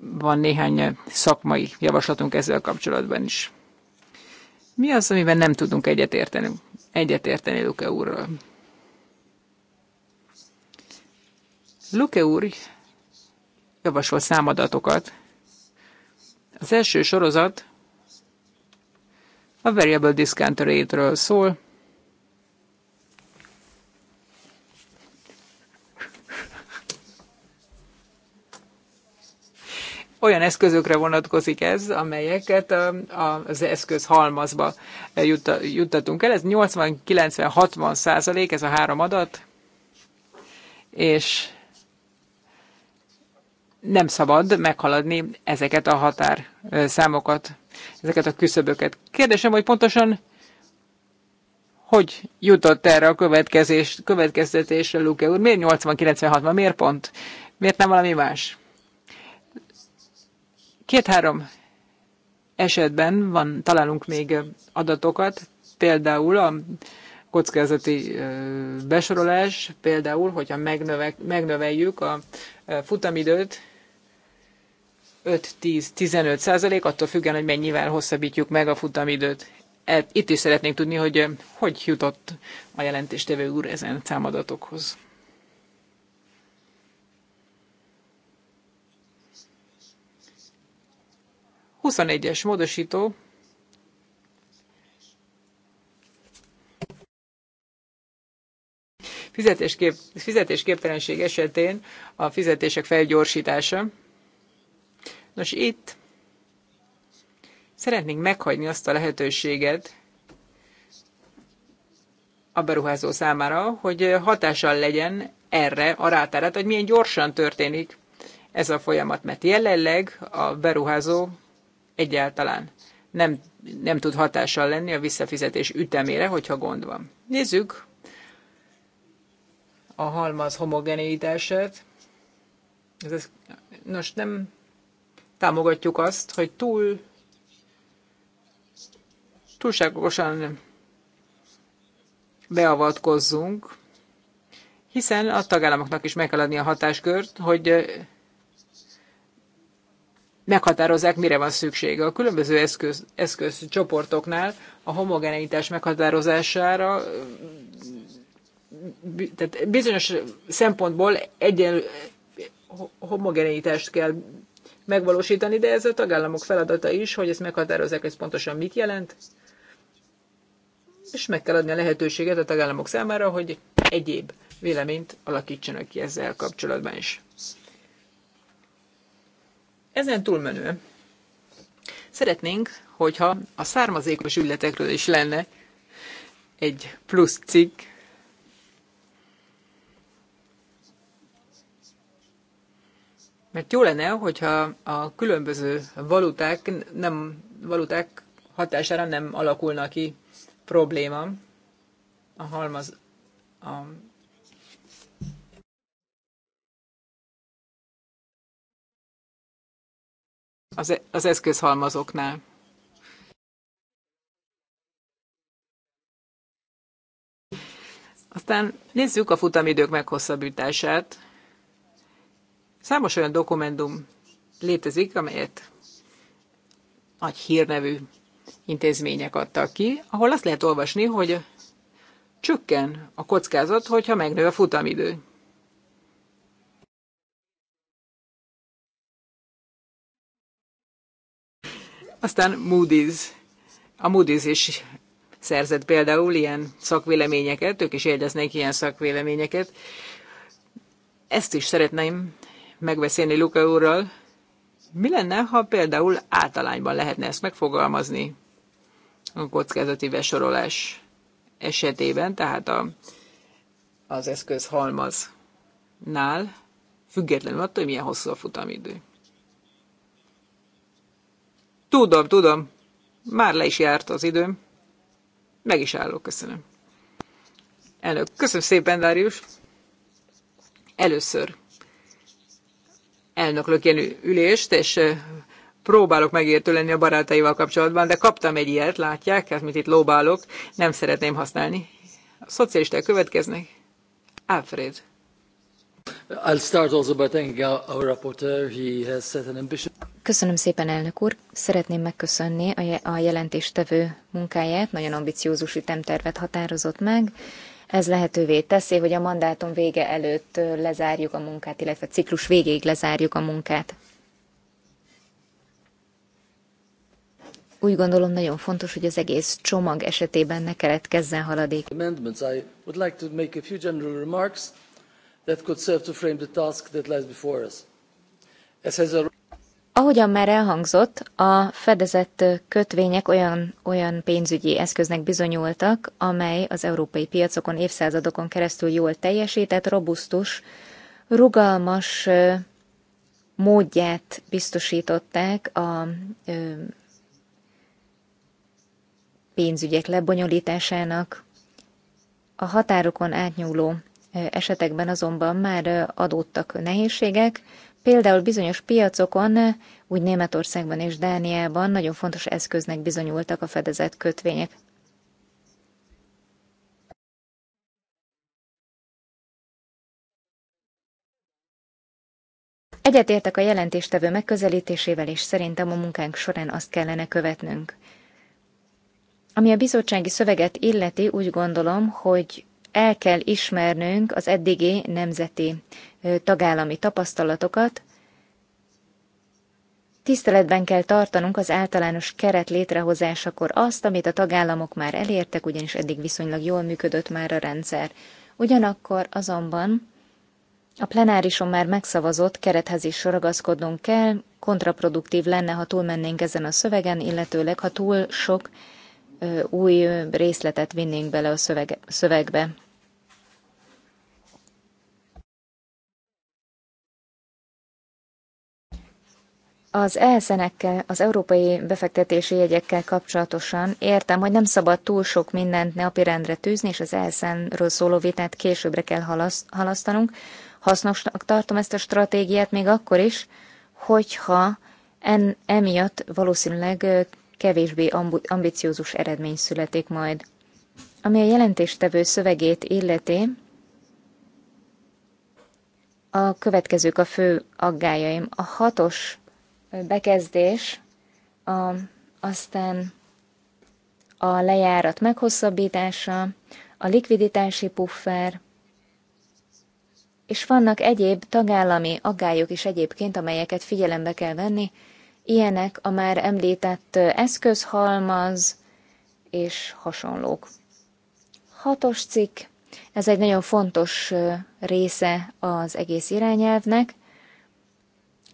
van néhány szakmai javaslatunk ezzel kapcsolatban is. Mi az, amiben nem tudunk egyetérteni? Egyetérteni Luke úrral. Luke úr javasolt számadatokat. Az első sorozat a Variable Discount Rate-ről szól, olyan eszközökre vonatkozik ez, amelyeket az eszköz halmazba juttatunk el. Ez 80-90-60 százalék, ez a három adat, és nem szabad meghaladni ezeket a határ számokat, ezeket a küszöböket. Kérdésem, hogy pontosan hogy jutott erre a következtetésre Luke úr? Miért 80-96-ban? Miért pont? Miért nem valami más? Két-három esetben van, találunk még adatokat, például a kockázati besorolás, például, hogyha megnöveljük a futamidőt 5-10-15 százalék, attól függően, hogy mennyivel hosszabbítjuk meg a futamidőt. E, itt is szeretnénk tudni, hogy hogy jutott a jelentéstevő úr ezen számadatokhoz. 21-es módosító. Fizetéskép, fizetésképtelenség esetén a fizetések felgyorsítása. Nos, itt szeretnénk meghagyni azt a lehetőséget a beruházó számára, hogy hatással legyen erre a rátára, hogy milyen gyorsan történik ez a folyamat, mert jelenleg a beruházó egyáltalán nem, nem tud hatással lenni a visszafizetés ütemére, hogyha gond van. Nézzük a halmaz homogeneitását. Ez, ez, nos, nem támogatjuk azt, hogy túl túlságosan beavatkozzunk, hiszen a tagállamoknak is meg kell adni a hatáskört, hogy meghatározzák, mire van szüksége. A különböző eszköz, eszközcsoportoknál a homogeneitás meghatározására tehát bizonyos szempontból egyen homogeneitást kell megvalósítani, de ez a tagállamok feladata is, hogy ezt meghatározzák, ez pontosan mit jelent, és meg kell adni a lehetőséget a tagállamok számára, hogy egyéb véleményt alakítsanak ki ezzel kapcsolatban is. Ezen túlmenően szeretnénk, hogyha a származékos ügyletekről is lenne egy plusz cikk, Mert jó lenne, hogyha a különböző valuták, nem, valuták hatására nem alakulna ki probléma a halmaz, a az, az eszközhalmazoknál. Aztán nézzük a futamidők meghosszabbítását. Számos olyan dokumentum létezik, amelyet nagy hírnevű intézmények adtak ki, ahol azt lehet olvasni, hogy csökken a kockázat, hogyha megnő a futamidő. Aztán Moody's, a Moody's is szerzett például ilyen szakvéleményeket, ők is jegyeznék ilyen szakvéleményeket. Ezt is szeretném megbeszélni Luca úrral. Mi lenne, ha például általányban lehetne ezt megfogalmazni a kockázati besorolás esetében, tehát a, az eszköz halmaznál, függetlenül attól, hogy milyen hosszú a futamidő. Tudom, tudom. Már le is járt az időm. Meg is állok, köszönöm. Elnök, köszönöm szépen, Dárius. Először elnöklök ilyen ülést, és próbálok megértő lenni a barátaival kapcsolatban, de kaptam egy ilyet, látják, hát mit itt lóbálok, nem szeretném használni. A szocialisták következnek. Alfred. I'll start also by thanking our, our rapporteur. He has set an ambition. Köszönöm szépen, elnök úr! Szeretném megköszönni a jelentéstevő munkáját, nagyon ambiciózus ütemtervet határozott meg. Ez lehetővé teszi, hogy a mandátum vége előtt lezárjuk a munkát, illetve a ciklus végéig lezárjuk a munkát. Úgy gondolom nagyon fontos, hogy az egész csomag esetében ne keletkezzen haladék. As has Ahogyan már elhangzott, a fedezett kötvények olyan, olyan pénzügyi eszköznek bizonyultak, amely az európai piacokon évszázadokon keresztül jól teljesített, robusztus, rugalmas módját biztosították a pénzügyek lebonyolításának. A határokon átnyúló esetekben azonban már adódtak nehézségek, Például bizonyos piacokon, úgy Németországban és Dániában nagyon fontos eszköznek bizonyultak a fedezett kötvények. Egyetértek a jelentéstevő megközelítésével, és szerintem a munkánk során azt kellene követnünk. Ami a bizottsági szöveget illeti, úgy gondolom, hogy el kell ismernünk az eddigi nemzeti tagállami tapasztalatokat, Tiszteletben kell tartanunk az általános keret létrehozásakor azt, amit a tagállamok már elértek, ugyanis eddig viszonylag jól működött már a rendszer. Ugyanakkor azonban a plenárison már megszavazott kerethez is soragaszkodnunk kell, kontraproduktív lenne, ha túlmennénk ezen a szövegen, illetőleg ha túl sok ö, új részletet vinnénk bele a szövegbe. Az elszenekkel, az európai befektetési jegyekkel kapcsolatosan értem, hogy nem szabad túl sok mindent napirendre tűzni, és az elszenről szóló vitát későbbre kell halasztanunk. Hasznosnak tartom ezt a stratégiát még akkor is, hogyha en, emiatt valószínűleg kevésbé ambiciózus eredmény születik majd. Ami a jelentéstevő szövegét illeti, a következők a fő aggájaim. A hatos bekezdés, a, aztán a lejárat meghosszabbítása, a likviditási puffer, és vannak egyéb tagállami aggályok is egyébként, amelyeket figyelembe kell venni, ilyenek a már említett eszközhalmaz és hasonlók. Hatos cikk, ez egy nagyon fontos része az egész irányelvnek,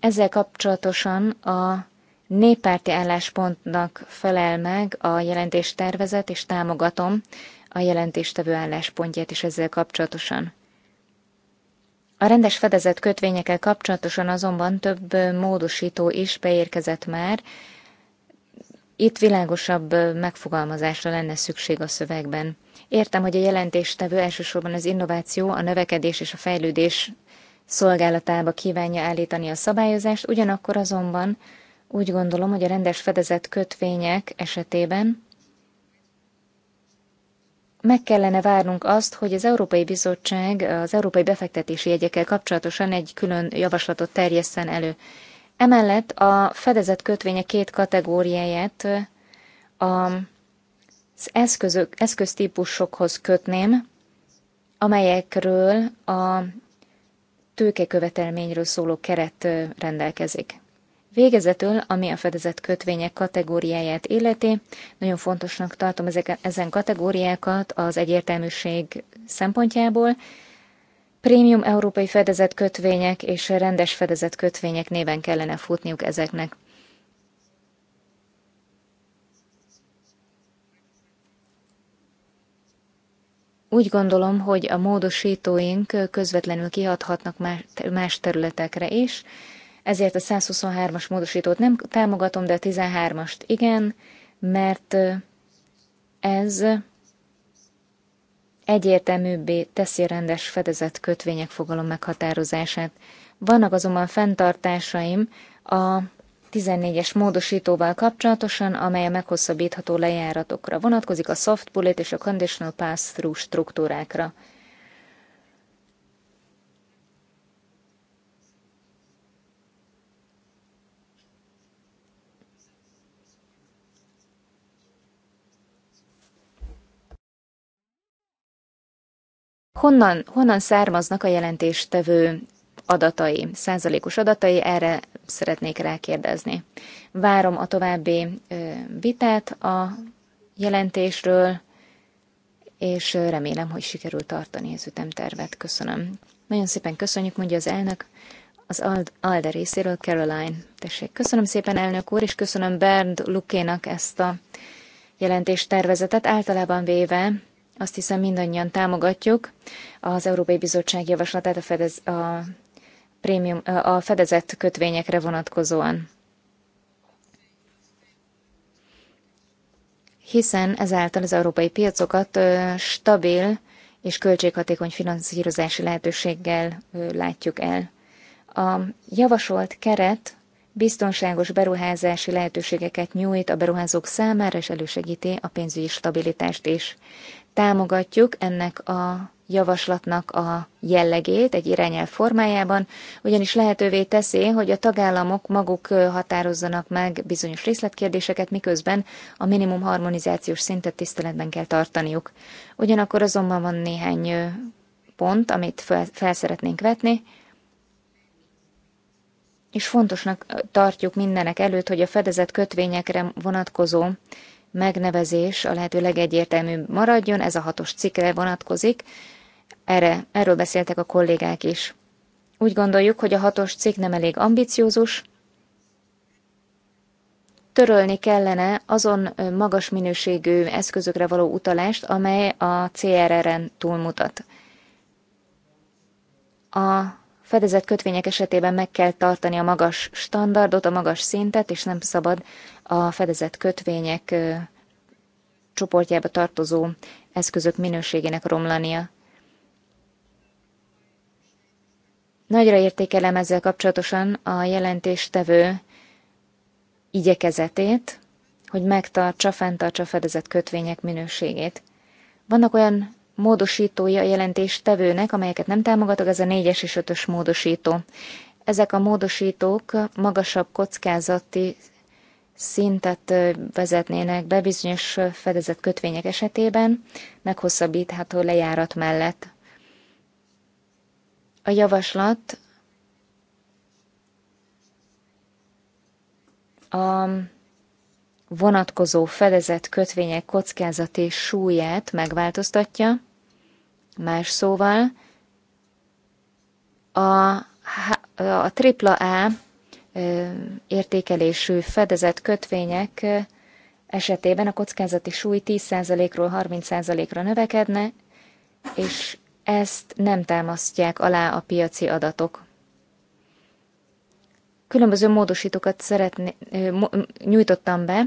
ezzel kapcsolatosan a néppárti álláspontnak felel meg a jelentéstervezet, és támogatom a jelentéstevő álláspontját is ezzel kapcsolatosan. A rendes fedezett kötvényekkel kapcsolatosan azonban több módosító is beérkezett már, itt világosabb megfogalmazásra lenne szükség a szövegben. Értem, hogy a jelentéstevő elsősorban az innováció, a növekedés és a fejlődés szolgálatába kívánja állítani a szabályozást, ugyanakkor azonban úgy gondolom, hogy a rendes fedezett kötvények esetében meg kellene várnunk azt, hogy az Európai Bizottság az európai befektetési jegyekkel kapcsolatosan egy külön javaslatot terjesszen elő. Emellett a fedezett kötvények két kategóriáját az eszközök, eszköztípusokhoz kötném, amelyekről a tőkekövetelményről szóló keret rendelkezik. Végezetül, ami a fedezett kötvények kategóriáját illeti, nagyon fontosnak tartom ezen kategóriákat az egyértelműség szempontjából. Prémium európai fedezett kötvények és rendes fedezett kötvények néven kellene futniuk ezeknek. Úgy gondolom, hogy a módosítóink közvetlenül kihathatnak más területekre is, ezért a 123-as módosítót nem támogatom, de a 13-ast igen, mert ez egyértelműbbé teszi a rendes fedezett kötvények fogalom meghatározását. Vannak azonban fenntartásaim a 14-es módosítóval kapcsolatosan, amely a meghosszabbítható lejáratokra vonatkozik, a soft bullet és a conditional pass-through struktúrákra. Honnan, honnan származnak a jelentéstevő adatai, százalékos adatai, erre szeretnék rákérdezni. Várom a további vitát a jelentésről, és remélem, hogy sikerül tartani az ütemtervet. Köszönöm. Nagyon szépen köszönjük, mondja az elnök. Az Ald Alde részéről Caroline. Tessék, köszönöm szépen, elnök úr, és köszönöm Bernd Lukénak ezt a jelentéstervezetet. Általában véve azt hiszem mindannyian támogatjuk az Európai Bizottság javaslatát a, fedez, a prémium, a fedezett kötvényekre vonatkozóan. Hiszen ezáltal az európai piacokat stabil és költséghatékony finanszírozási lehetőséggel látjuk el. A javasolt keret biztonságos beruházási lehetőségeket nyújt a beruházók számára, és elősegíti a pénzügyi stabilitást is. Támogatjuk ennek a javaslatnak a jellegét egy irányelv formájában, ugyanis lehetővé teszi, hogy a tagállamok maguk határozzanak meg bizonyos részletkérdéseket, miközben a minimum harmonizációs szintet tiszteletben kell tartaniuk. Ugyanakkor azonban van néhány pont, amit fel, szeretnénk vetni, és fontosnak tartjuk mindenek előtt, hogy a fedezett kötvényekre vonatkozó megnevezés a lehető legegyértelműbb maradjon, ez a hatos cikkre vonatkozik, erre, erről beszéltek a kollégák is. Úgy gondoljuk, hogy a hatos cikk nem elég ambiciózus, törölni kellene azon magas minőségű eszközökre való utalást, amely a CRR-en túlmutat. A fedezett kötvények esetében meg kell tartani a magas standardot, a magas szintet, és nem szabad a fedezett kötvények csoportjába tartozó eszközök minőségének romlania. Nagyra értékelem ezzel kapcsolatosan a jelentéstevő igyekezetét, hogy megtartsa, fenntartsa a fedezett kötvények minőségét. Vannak olyan módosítója a jelentéstevőnek, amelyeket nem támogatok, ez a 4-es és 5-ös módosító. Ezek a módosítók magasabb kockázati szintet vezetnének be bizonyos fedezett kötvények esetében, meghosszabbítható lejárat mellett. A javaslat a vonatkozó fedezett kötvények kockázati súlyát megváltoztatja, más szóval a, a AAA értékelésű fedezett kötvények esetében a kockázati súly 10%-ról 30%-ra növekedne, és ezt nem támasztják alá a piaci adatok. Különböző módosítókat szeretné, nyújtottam be,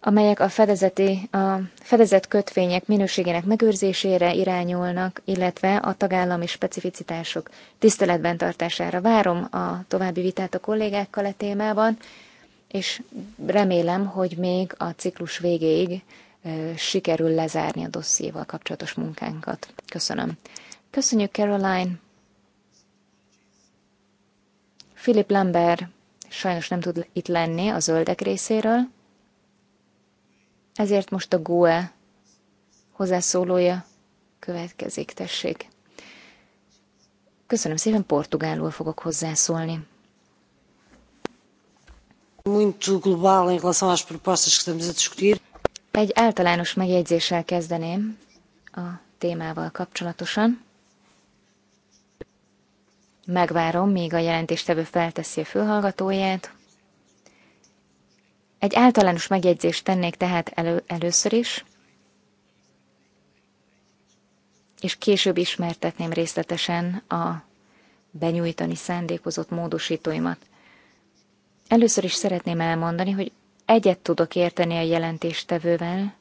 amelyek a, fedezeti, a fedezett kötvények minőségének megőrzésére irányulnak, illetve a tagállami specificitások tiszteletben tartására. Várom a további vitát a kollégákkal a e témában, és remélem, hogy még a ciklus végéig sikerül lezárni a dossziéval kapcsolatos munkánkat. Köszönöm. Köszönjük, Caroline. Philip Lambert sajnos nem tud itt lenni a zöldek részéről, ezért most a GUE hozzászólója következik, tessék. Köszönöm szépen, portugálul fogok hozzászólni. Muito global em relação às propostas que estamos a discutir. Egy általános megjegyzéssel kezdeném a témával kapcsolatosan. Megvárom, míg a jelentéstevő felteszi a fülhallgatóját. Egy általános megjegyzést tennék tehát elő, először is, és később ismertetném részletesen a benyújtani szándékozott módosítóimat. Először is szeretném elmondani, hogy Egyet tudok érteni a jelentéstevővel,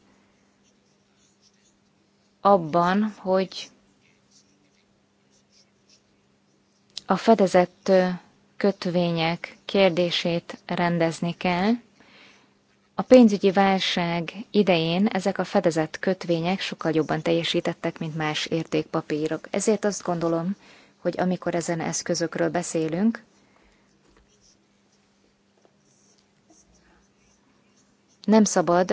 abban, hogy a fedezett kötvények kérdését rendezni kell. A pénzügyi válság idején ezek a fedezett kötvények sokkal jobban teljesítettek, mint más értékpapírok. Ezért azt gondolom, hogy amikor ezen eszközökről beszélünk, Nem szabad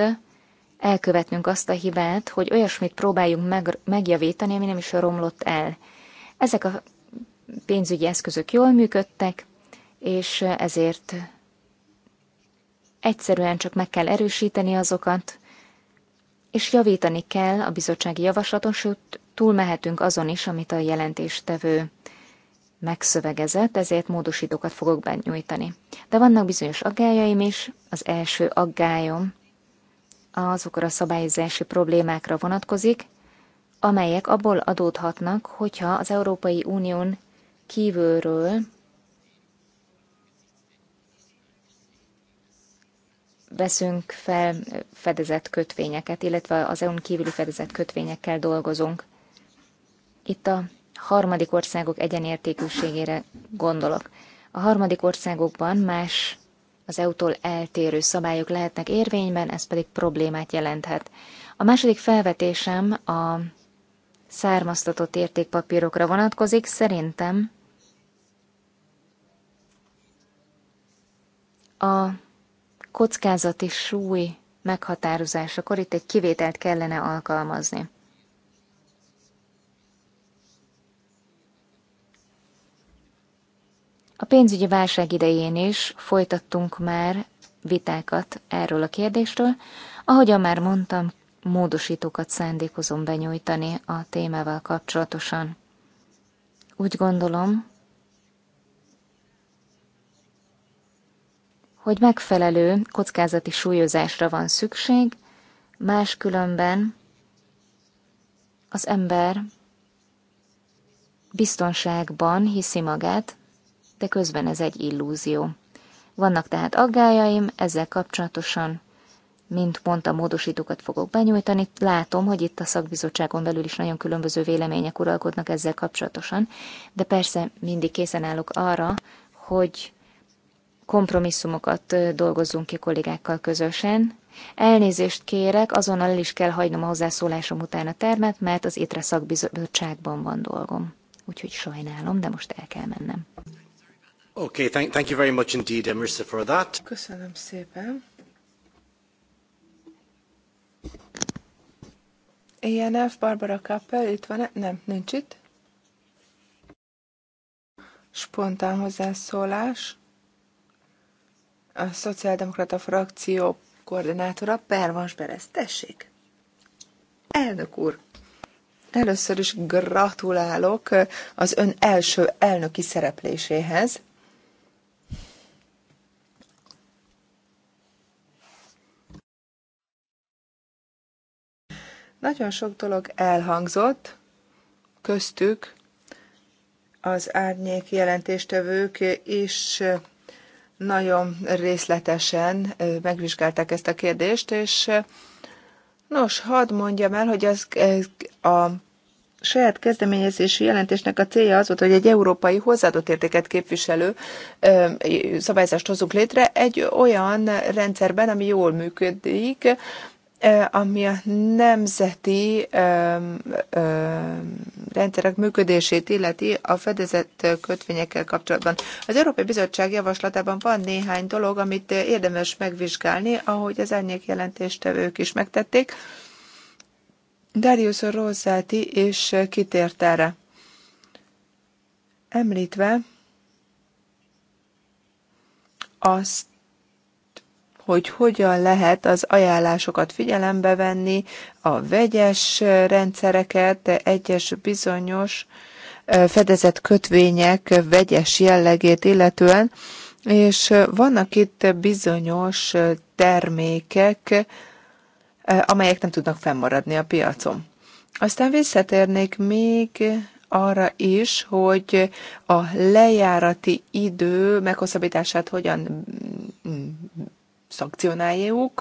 elkövetnünk azt a hibát, hogy olyasmit próbáljunk meg, megjavítani, ami nem is romlott el. Ezek a pénzügyi eszközök jól működtek, és ezért egyszerűen csak meg kell erősíteni azokat, és javítani kell a bizottsági javaslaton, sőt, túlmehetünk azon is, amit a jelentéstevő megszövegezett, ezért módosítókat fogok benyújtani. De vannak bizonyos aggájaim is. Az első aggályom azokra a szabályozási problémákra vonatkozik, amelyek abból adódhatnak, hogyha az Európai Unión kívülről veszünk fel fedezett kötvényeket, illetve az EU-n kívüli fedezett kötvényekkel dolgozunk. Itt a harmadik országok egyenértékűségére gondolok. A harmadik országokban más az EU-tól eltérő szabályok lehetnek érvényben, ez pedig problémát jelenthet. A második felvetésem a származtatott értékpapírokra vonatkozik. Szerintem a kockázati súly meghatározásakor itt egy kivételt kellene alkalmazni. A pénzügyi válság idején is folytattunk már vitákat erről a kérdésről. Ahogyan már mondtam, módosítókat szándékozom benyújtani a témával kapcsolatosan. Úgy gondolom, hogy megfelelő kockázati súlyozásra van szükség, máskülönben az ember biztonságban hiszi magát, de közben ez egy illúzió. Vannak tehát aggájaim ezzel kapcsolatosan, mint mondta, módosítókat fogok benyújtani. Látom, hogy itt a szakbizottságon belül is nagyon különböző vélemények uralkodnak ezzel kapcsolatosan, de persze mindig készen állok arra, hogy kompromisszumokat dolgozzunk ki kollégákkal közösen. Elnézést kérek, azonnal el is kell hagynom a hozzászólásom után a termet, mert az étre szakbizottságban van dolgom. Úgyhogy sajnálom, de most el kell mennem. Okay, thank, thank you very much indeed, Emersa, eh, for that. Köszönöm szépen. ENF Barbara Kappel itt van -e? Nem, nincs itt. Spontán hozzászólás. A Szociáldemokrata frakció koordinátora Pervans Berez. Tessék! Elnök úr! Először is gratulálok az ön első elnöki szerepléséhez. Nagyon sok dolog elhangzott, köztük az árnyék jelentéstevők is nagyon részletesen megvizsgálták ezt a kérdést, és nos, hadd mondjam el, hogy az, a saját kezdeményezési jelentésnek a célja az volt, hogy egy európai hozzáadott értéket képviselő szabályzást hozunk létre egy olyan rendszerben, ami jól működik, ami a nemzeti rendszerek működését illeti a fedezett kötvényekkel kapcsolatban. Az Európai Bizottság javaslatában van néhány dolog, amit érdemes megvizsgálni, ahogy az árnyék jelentéstevők is megtették. Darius Rosszáti és kitért erre. Említve azt, hogy hogyan lehet az ajánlásokat figyelembe venni, a vegyes rendszereket, egyes bizonyos fedezett kötvények vegyes jellegét illetően, és vannak itt bizonyos termékek, amelyek nem tudnak fennmaradni a piacon. Aztán visszatérnék még arra is, hogy a lejárati idő meghosszabbítását hogyan mm, szankcionáljuk,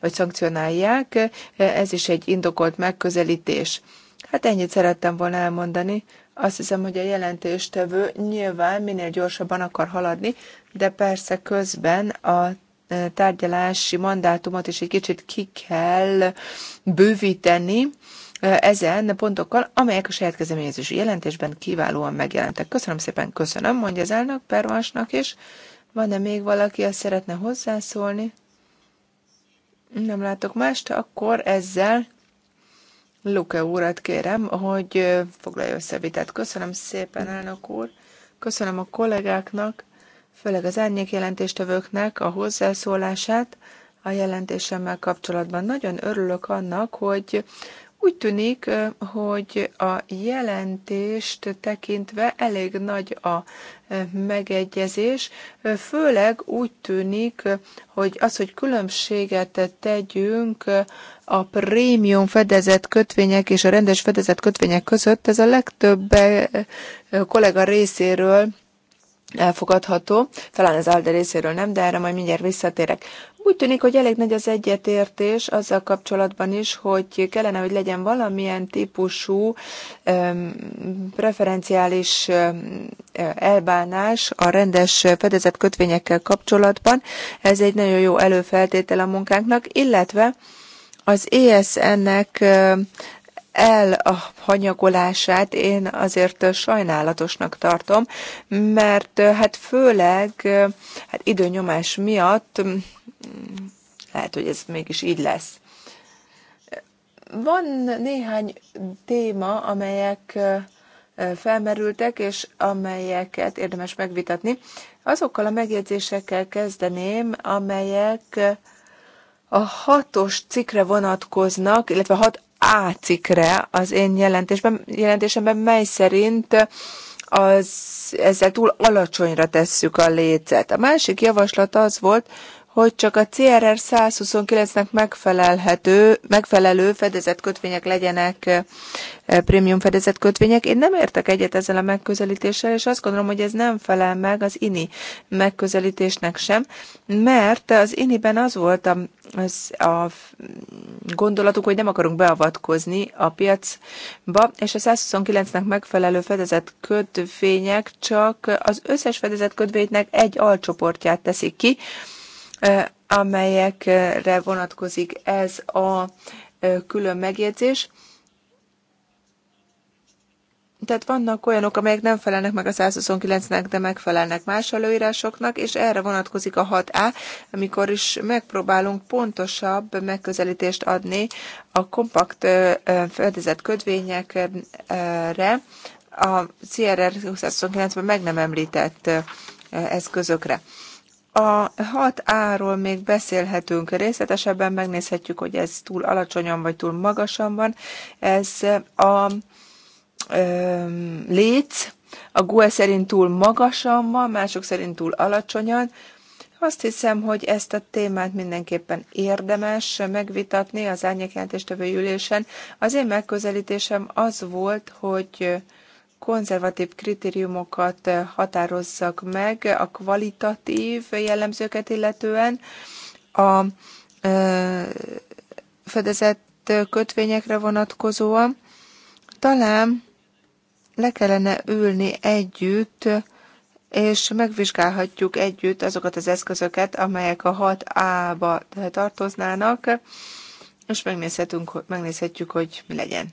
vagy szankcionálják. Ez is egy indokolt megközelítés. Hát ennyit szerettem volna elmondani. Azt hiszem, hogy a jelentéstevő nyilván minél gyorsabban akar haladni, de persze közben a tárgyalási mandátumot is egy kicsit ki kell bővíteni ezen pontokkal, amelyek a saját kezdeményezésű jelentésben kiválóan megjelentek. Köszönöm szépen, köszönöm, mondja az elnök Pervansnak is. És... Van-e még valaki, aki szeretne hozzászólni? Nem látok mást, akkor ezzel Luke úrat kérem, hogy foglalja össze vitát. Köszönöm szépen, elnök úr. Köszönöm a kollégáknak, főleg az árnyék jelentéstevőknek a hozzászólását a jelentésemmel kapcsolatban. Nagyon örülök annak, hogy úgy tűnik, hogy a jelentést tekintve elég nagy a megegyezés, főleg úgy tűnik, hogy az, hogy különbséget tegyünk a prémium fedezett kötvények és a rendes fedezett kötvények között, ez a legtöbb kollega részéről elfogadható. Talán az ALDE részéről nem, de erre majd mindjárt visszatérek. Úgy tűnik, hogy elég nagy az egyetértés azzal kapcsolatban is, hogy kellene, hogy legyen valamilyen típusú öm, preferenciális öm, elbánás a rendes fedezett kötvényekkel kapcsolatban. Ez egy nagyon jó előfeltétel a munkánknak, illetve az ESN-nek elhanyagolását én azért sajnálatosnak tartom, mert hát főleg hát időnyomás miatt lehet, hogy ez mégis így lesz. Van néhány téma, amelyek felmerültek, és amelyeket érdemes megvitatni. Azokkal a megjegyzésekkel kezdeném, amelyek a hatos cikre vonatkoznak, illetve hat a az én jelentésben, jelentésemben mely szerint az, ezzel túl alacsonyra tesszük a lécet. A másik javaslat az volt, hogy csak a CRR 129-nek megfelelhető, megfelelő fedezett kötvények legyenek e, prémium fedezett kötvények. Én nem értek egyet ezzel a megközelítéssel, és azt gondolom, hogy ez nem felel meg az INI megközelítésnek sem, mert az INI-ben az volt a, az, a gondolatuk, hogy nem akarunk beavatkozni a piacba, és a 129-nek megfelelő fedezett kötvények csak az összes fedezett kötvénynek egy alcsoportját teszik ki, eh, amelyekre vonatkozik ez a eh, külön megjegyzés tehát vannak olyanok, amelyek nem felelnek meg a 129-nek, de megfelelnek más előírásoknak, és erre vonatkozik a 6A, amikor is megpróbálunk pontosabb megközelítést adni a kompakt fedezett kötvényekre, a CRR 229-ben meg nem említett eszközökre. A 6A-ról még beszélhetünk részletesebben, megnézhetjük, hogy ez túl alacsonyan vagy túl magasan van. Ez a léc, a GUE szerint túl magasan ma, mások szerint túl alacsonyan. Azt hiszem, hogy ezt a témát mindenképpen érdemes megvitatni az árnyékjelentéstevő ülésen. Az én megközelítésem az volt, hogy konzervatív kritériumokat határozzak meg a kvalitatív jellemzőket illetően, a fedezett kötvényekre vonatkozóan. Talán le kellene ülni együtt, és megvizsgálhatjuk együtt azokat az eszközöket, amelyek a 6A-ba tartoznának, és megnézhetünk, megnézhetjük, hogy mi legyen.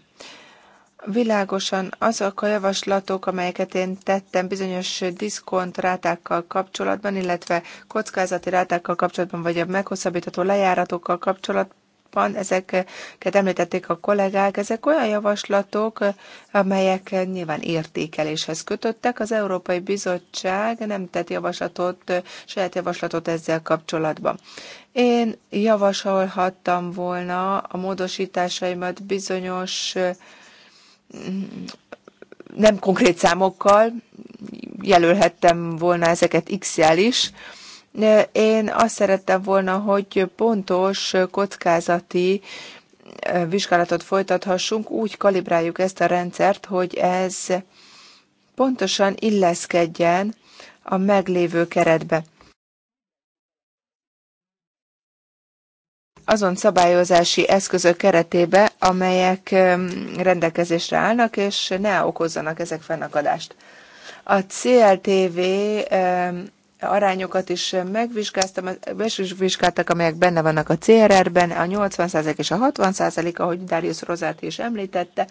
Világosan azok a javaslatok, amelyeket én tettem bizonyos diszkont rátákkal kapcsolatban, illetve kockázati rátákkal kapcsolatban, vagy a meghosszabbítható lejáratokkal kapcsolatban, van, ezeket említették a kollégák, ezek olyan javaslatok, amelyek nyilván értékeléshez kötöttek. Az Európai Bizottság nem tett javaslatot, saját javaslatot ezzel kapcsolatban. Én javasolhattam volna a módosításaimat bizonyos nem konkrét számokkal, jelölhettem volna ezeket X-jel is, én azt szerettem volna, hogy pontos kockázati vizsgálatot folytathassunk, úgy kalibráljuk ezt a rendszert, hogy ez pontosan illeszkedjen a meglévő keretbe. azon szabályozási eszközök keretébe, amelyek rendelkezésre állnak, és ne okozzanak ezek fennakadást. A CLTV arányokat is megvizsgáztam, megvizsgáltak, amelyek benne vannak a CRR-ben, a 80% és a 60%, ahogy Darius Rozát is említette.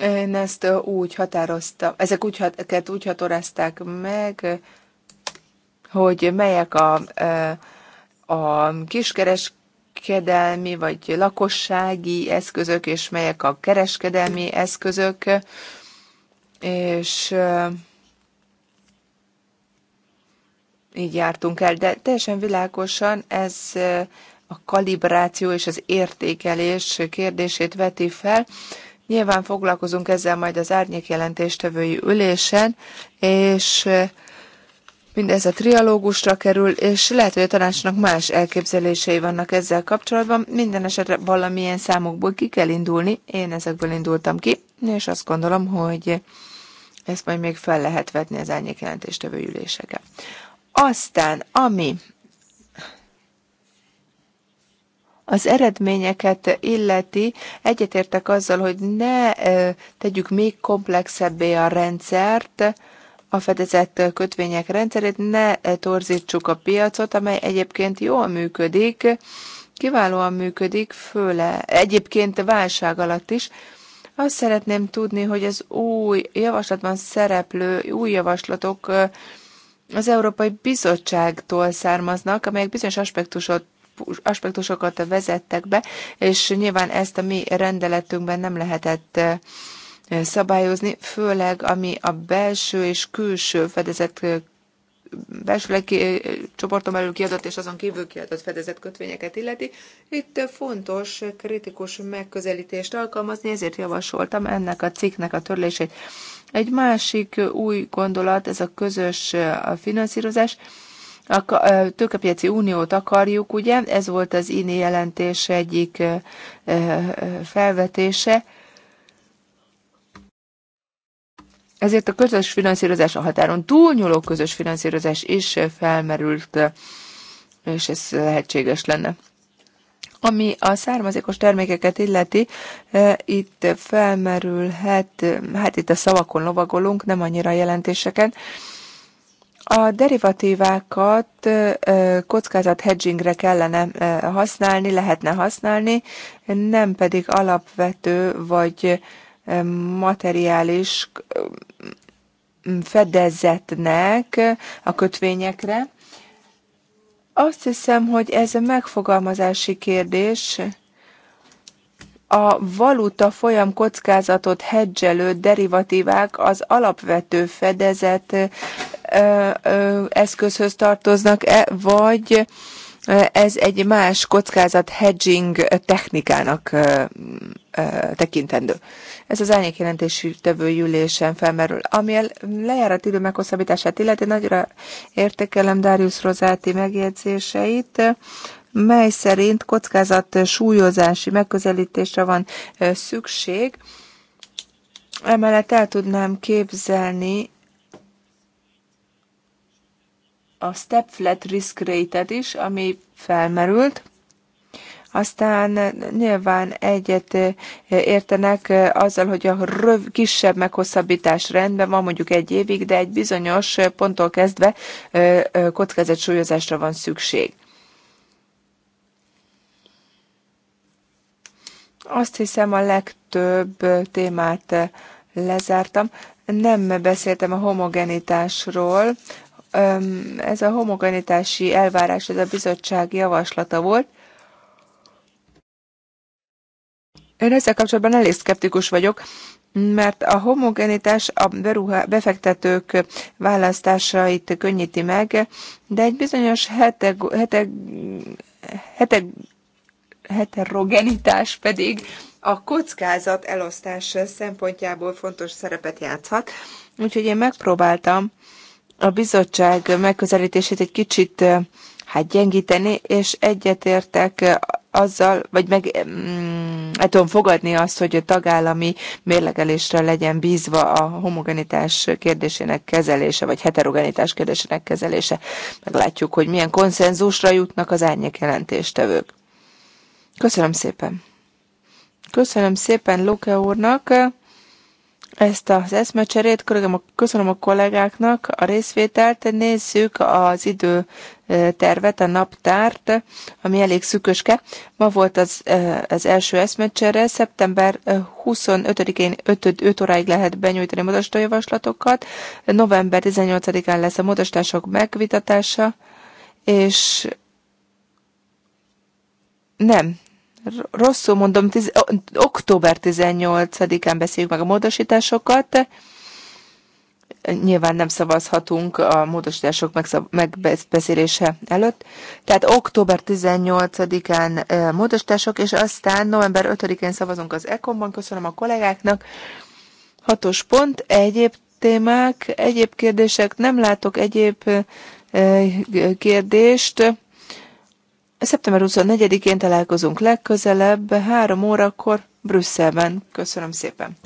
Én ezt úgy határoztam, ezek úgy, hat, úgy határozták meg, hogy melyek a, a kiskereskedelmi vagy lakossági eszközök, és melyek a kereskedelmi eszközök, és így jártunk el, de teljesen világosan ez a kalibráció és az értékelés kérdését veti fel. Nyilván foglalkozunk ezzel majd az árnyék jelentéstevői ülésen, és mindez a trialógusra kerül, és lehet, hogy a tanácsnak más elképzelései vannak ezzel kapcsolatban. Minden esetre valamilyen számokból ki kell indulni, én ezekből indultam ki, és azt gondolom, hogy ezt majd még fel lehet vetni az árnyék üléseken. Aztán, ami az eredményeket illeti, egyetértek azzal, hogy ne tegyük még komplexebbé a rendszert, a fedezett kötvények rendszerét, ne torzítsuk a piacot, amely egyébként jól működik, kiválóan működik, főle egyébként válság alatt is. Azt szeretném tudni, hogy az új javaslatban szereplő új javaslatok az Európai Bizottságtól származnak, amelyek bizonyos aspektusot aspektusokat vezettek be, és nyilván ezt a mi rendeletünkben nem lehetett szabályozni, főleg ami a belső és külső fedezet belső csoporton belül kiadott és azon kívül kiadott fedezett kötvényeket illeti. Itt fontos kritikus megközelítést alkalmazni, ezért javasoltam ennek a cikknek a törlését. Egy másik új gondolat, ez a közös finanszírozás. A tőkepiaci uniót akarjuk, ugye? Ez volt az INI jelentés egyik felvetése. Ezért a közös finanszírozás, a határon túlnyúló közös finanszírozás is felmerült, és ez lehetséges lenne. Ami a származékos termékeket illeti, eh, itt felmerülhet, eh, hát itt a szavakon lovagolunk, nem annyira a jelentéseken. A derivatívákat eh, kockázat hedgingre kellene használni, lehetne használni, nem pedig alapvető vagy materiális fedezetnek a kötvényekre azt hiszem, hogy ez a megfogalmazási kérdés a valuta folyam kockázatot hedzselő derivatívák az alapvető fedezet eszközhöz tartoznak-e, vagy ez egy más kockázat hedging technikának tekintendő. Ez az árnyék jelentésű tevő ülésen felmerül. Ami a lejárat idő meghosszabbítását illeti, nagyra értékelem Darius Rozáti megjegyzéseit, mely szerint kockázat súlyozási megközelítésre van szükség. Emellett el tudnám képzelni a step flat risk rate is, ami felmerült. Aztán nyilván egyet eh, értenek eh, azzal, hogy a röv, kisebb meghosszabbítás rendben van, mondjuk egy évig, de egy bizonyos eh, ponttól kezdve kockázatsúlyozásra van szükség. Azt hiszem a legtöbb témát lezártam. Nem beszéltem a homogenitásról, ez a homogenitási elvárás, ez a bizottság javaslata volt. Én ezzel kapcsolatban elég szkeptikus vagyok, mert a homogenitás a befektetők választásait könnyíti meg, de egy bizonyos heteg, heteg, heteg, heterogenitás pedig a kockázat elosztás szempontjából fontos szerepet játszhat. Úgyhogy én megpróbáltam a bizottság megközelítését egy kicsit hát gyengíteni, és egyetértek azzal, vagy meg mm, tudom fogadni azt, hogy a tagállami mérlegelésre legyen bízva a homogenitás kérdésének kezelése, vagy heterogenitás kérdésének kezelése. Meglátjuk, hogy milyen konszenzusra jutnak az árnyék jelentéstevők. Köszönöm szépen! Köszönöm szépen Luke úrnak! ezt az eszmecserét. Köszönöm a kollégáknak a részvételt. Nézzük az idő tervet, a naptárt, ami elég szüköske. Ma volt az, e, az első eszmecsere, szeptember 25-én 5, 5 óráig lehet benyújtani javaslatokat. november 18-án lesz a módosítások megvitatása, és nem, rosszul mondom, tiz, október 18-án beszéljük meg a módosításokat. Nyilván nem szavazhatunk a módosítások megbeszélése előtt. Tehát október 18-án módosítások, és aztán november 5-én szavazunk az ECOM-ban. Köszönöm a kollégáknak. Hatos pont, egyéb témák, egyéb kérdések. Nem látok egyéb kérdést. Szeptember 24-én találkozunk legközelebb, három órakor Brüsszelben. Köszönöm szépen!